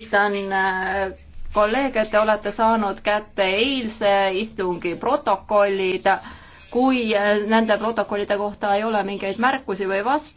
tervitan äh, kolleege, te olete saanud kätte eilse istungi protokollid. kui äh, nende protokollide kohta ei ole mingeid märkusi või vastu,